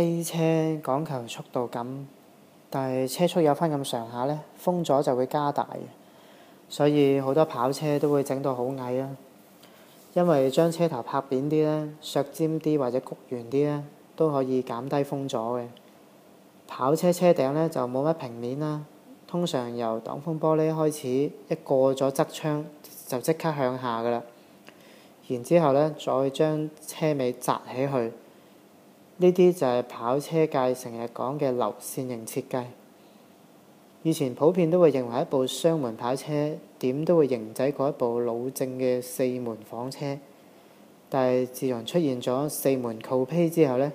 飛車講求速度感，但係車速有返咁上下呢，風阻就會加大，所以好多跑車都會整到好矮啦。因為將車頭拍扁啲咧，削尖啲或者谷圓啲咧，都可以減低風阻嘅。跑車車頂呢就冇乜平面啦，通常由擋風玻璃開始，一過咗側窗就即刻向下噶啦。然之後呢，再將車尾扎起去。呢啲就係跑車界成日講嘅流線型設計。以前普遍都會認為一部雙門跑車點都會型仔過一部老正嘅四門房車，但係自從出現咗四門 coupé 之後呢，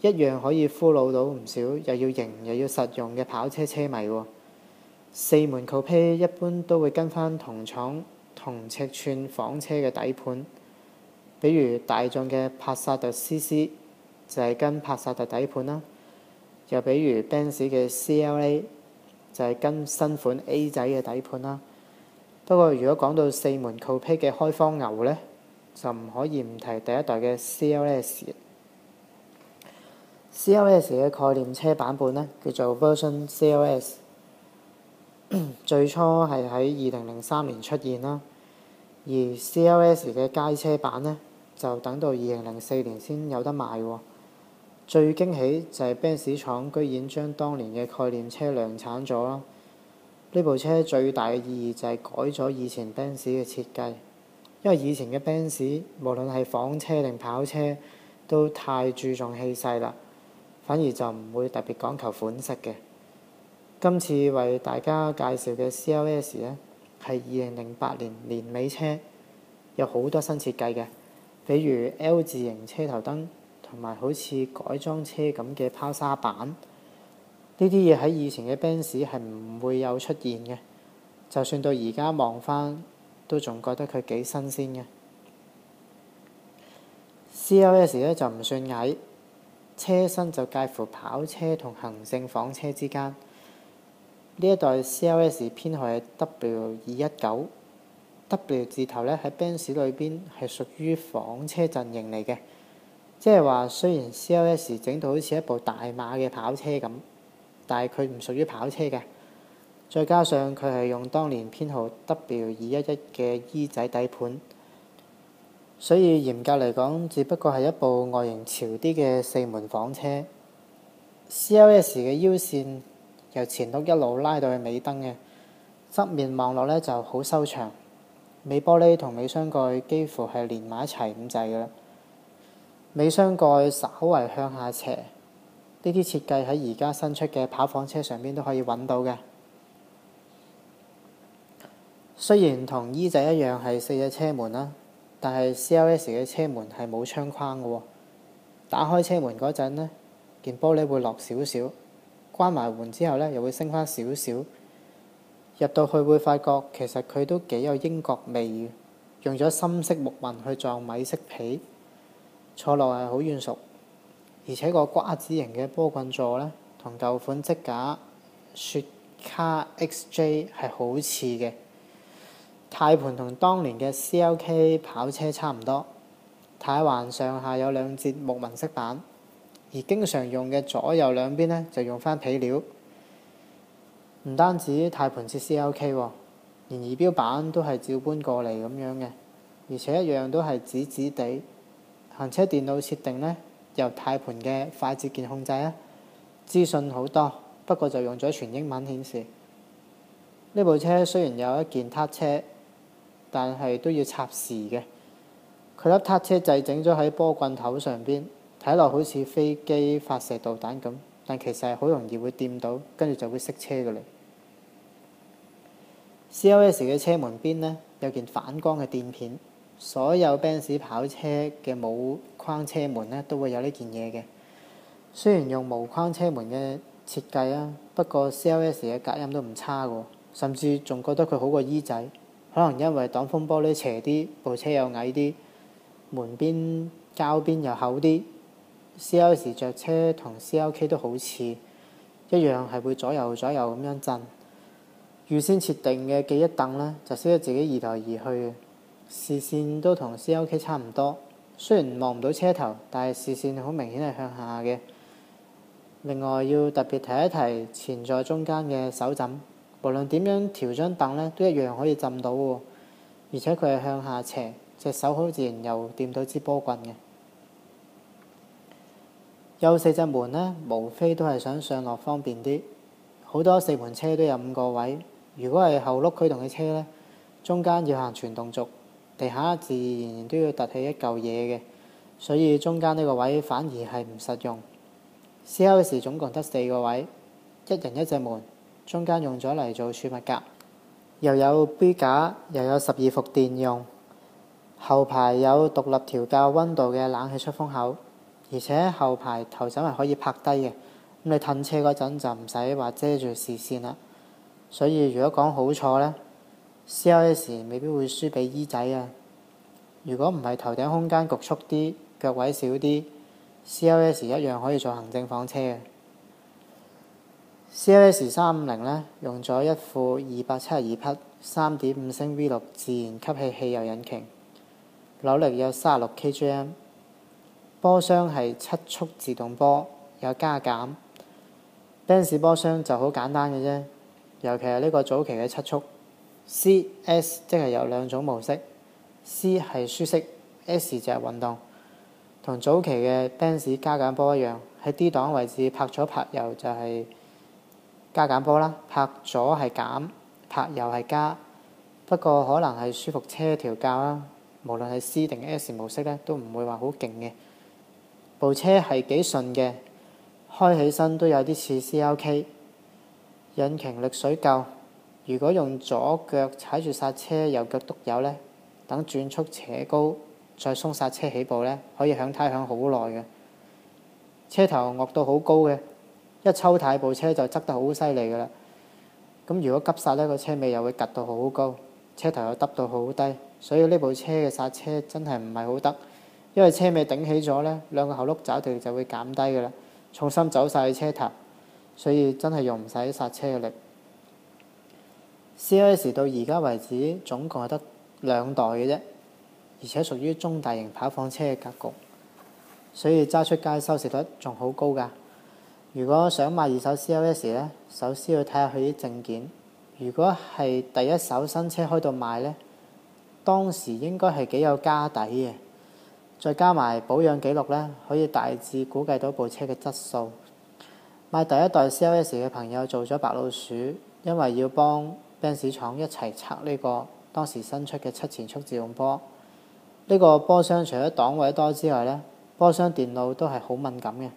一樣可以俘虜到唔少又要型又要實用嘅跑車車迷喎。四門 coupé 一般都會跟翻同廠同尺寸房車嘅底盤，比如大眾嘅帕薩特 CC。就係跟帕薩特底盤啦、啊，又比如 Benz 嘅 CLA 就係跟新款 A 仔嘅底盤啦、啊。不過，如果講到四門 Coupe 嘅開荒牛呢，就唔可以唔提第一代嘅 CLS。CLS 嘅概念車版本呢，叫做 Version CLS， 最初係喺二零零三年出現啦。而 CLS 嘅街車版呢，就等到二零零四年先有得賣喎、啊。最驚喜就係 Benz 廠居然將當年嘅概念車量產咗啦！呢部車最大嘅意義就係改咗以前 Benz 嘅設計，因為以前嘅 Benz 無論係房車定跑車都太注重氣勢啦，反而就唔會特別講求款式嘅。今次為大家介紹嘅 CLS 呢，係二零零八年年尾車，有好多新設計嘅，比如 L 字型車頭燈。同埋好似改裝車咁嘅拋沙板，呢啲嘢喺以前嘅 Benz 係唔會有出現嘅。就算到而家望返，都仲覺得佢幾新鮮嘅。CLS 咧就唔算矮，車身就介乎跑車同行政房車之間。呢一代 CLS 編號係 W 二一九，W 字頭咧喺 Benz 裏邊係屬於房車陣營嚟嘅。即係話，雖然 CLS 整到好似一部大馬嘅跑車咁，但係佢唔屬於跑車嘅。再加上佢係用當年編號 W211 嘅 E 仔底盤，所以嚴格嚟講，只不過係一部外形潮啲嘅四門房車。CLS 嘅腰線由前轆一路拉到去尾燈嘅，側面望落咧就好修長，尾玻璃同尾箱蓋幾乎係連埋一齊咁滯㗎啦。尾箱蓋稍微向下斜，呢啲設計喺而家新出嘅跑房車上面都可以揾到嘅。雖然同 E 仔一樣係四隻車門啦，但係 CLS 嘅車門係冇窗框嘅喎。打開車門嗰陣呢，件玻璃會落少少，關埋門之後呢又會升翻少少。入到去會發覺其實佢都幾有英國味，用咗深色木紋去撞米色皮。坐落係好軟熟，而且個瓜子型嘅波棍座咧，同舊款積架雪卡 XJ 係好似嘅。軚盤同當年嘅 CLK 跑車差唔多，軚環上下有兩節木紋飾板，而經常用嘅左右兩邊咧就用返皮料。唔單止軚盤似 CLK 喎，連儀錶板都係照搬過嚟咁樣嘅，而且一樣都係紫紫地。行車電腦設定呢，由呔盤嘅快捷鍵控制啊。資訊好多，不過就用咗全英文顯示。呢部車雖然有一件撻車，但係都要插匙嘅。佢粒撻車掣整咗喺波棍頭上邊，睇落好似飛機發射導彈咁，但其實係好容易會掂到，跟住就會熄車㗎嚟。CLS 嘅車門邊呢，有件反光嘅墊片。所有 Benz 跑車嘅冇框車門咧都會有呢件嘢嘅。雖然用無框車門嘅設計啦，不過 CLS 嘅隔音都唔差喎，甚至仲覺得佢好過 E 仔。可能因為擋風玻璃斜啲，部車又矮啲，門邊膠邊又厚啲，CLS 着車同 CLK 都好似一樣係會左右左右咁樣震。預先設定嘅記憶凳咧，就識得自己移來移去嘅。視線都同 C.O.K 差唔多，雖然望唔到車頭，但係視線好明顯係向下嘅。另外要特別提一提前座中間嘅手枕，無論點樣調張凳咧，都一樣可以浸到喎。而且佢係向下斜，隻手好自然又掂到支波棍嘅。有四隻門咧，無非都係想上落方便啲。好多四門車都有五個位，如果係後轆驅動嘅車咧，中間要行全動軸。地下自然然都要凸起一嚿嘢嘅，所以中間呢個位反而係唔實用。CLS 總共得四個位，一人一隻門，中間用咗嚟做儲物格，又有杯架，又有十二伏電用，後排有獨立調校溫度嘅冷氣出風口，而且後排頭枕係可以拍低嘅，咁你褪車嗰陣就唔使話遮住視線啦。所以如果講好坐咧，C.O.S. 未必會輸俾 E 仔啊！如果唔係頭頂空間局促啲，腳位少啲，C.O.S. 一樣可以做行政房車。c o s 三五零呢，用咗一副二百七十二匹三點五升 V 六自然吸氣汽油引擎，扭力有三十六 k g m，波箱係七速自動波，有加減，釘士 波箱就好簡單嘅啫，尤其係呢個早期嘅七速。S C S 即係有兩種模式，C 係舒適，S 就係運動。同早期嘅 Benz 加減波一樣，喺 D 檔位置拍左拍右就係加減波啦。拍左係減，拍右係加。不過可能係舒服車調教啦。無論係 C 定 S 模式咧，都唔會話好勁嘅。部車係幾順嘅，開起身都有啲似 C L K。引擎力水夠。如果用左腳踩住煞車，右腳篤油呢，等轉速扯高，再鬆煞車起步呢，可以響胎響好耐嘅，車頭惡到好高嘅，一抽軚部車就執得好犀利噶啦。咁如果急煞呢，個車尾又會趌到好高，車頭又揼到好低，所以呢部車嘅煞車真係唔係好得，因為車尾頂起咗呢，兩個後轆抓地力就會減低噶啦，重心走晒去車頭，所以真係用唔晒啲煞車嘅力。CLS 到而家為止總共係得兩代嘅啫，而且屬於中大型跑房車嘅格局，所以揸出街收視率仲好高㗎。如果想買二手 CLS 咧，首先要睇下佢啲證件。如果係第一手新車開到賣咧，當時應該係幾有家底嘅，再加埋保養記錄咧，可以大致估計到部車嘅質素。買第一代 CLS 嘅朋友做咗白老鼠，因為要幫釘子廠一齊測呢個當時新出嘅七前速自動波，呢個波箱除咗檔位多之外呢，波箱電腦都係好敏感嘅。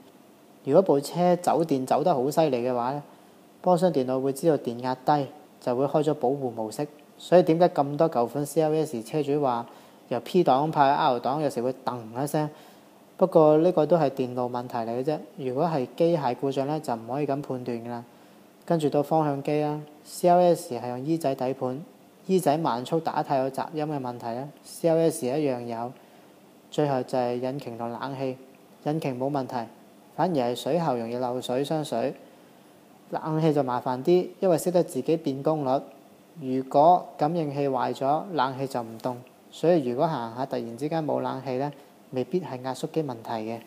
如果部車走電走得好犀利嘅話呢，波箱電腦會知道電壓低，就會開咗保護模式。所以點解咁多舊款 CLS 車主話由 P 檔派 R 檔有時會噔一聲？不過呢個都係電路問題嚟嘅啫。如果係機械故障呢，就唔可以咁判斷㗎啦。跟住到方向機啦，CLS 係用 E 仔底盤，E 仔慢速打軚有雜音嘅問題啦，CLS 一樣有。最後就係引擎同冷氣，引擎冇問題，反而係水喉容易漏水傷水。冷氣就麻煩啲，因為識得自己變功率。如果感應器壞咗，冷氣就唔凍，所以如果行下突然之間冇冷氣咧，未必係壓縮機問題嘅。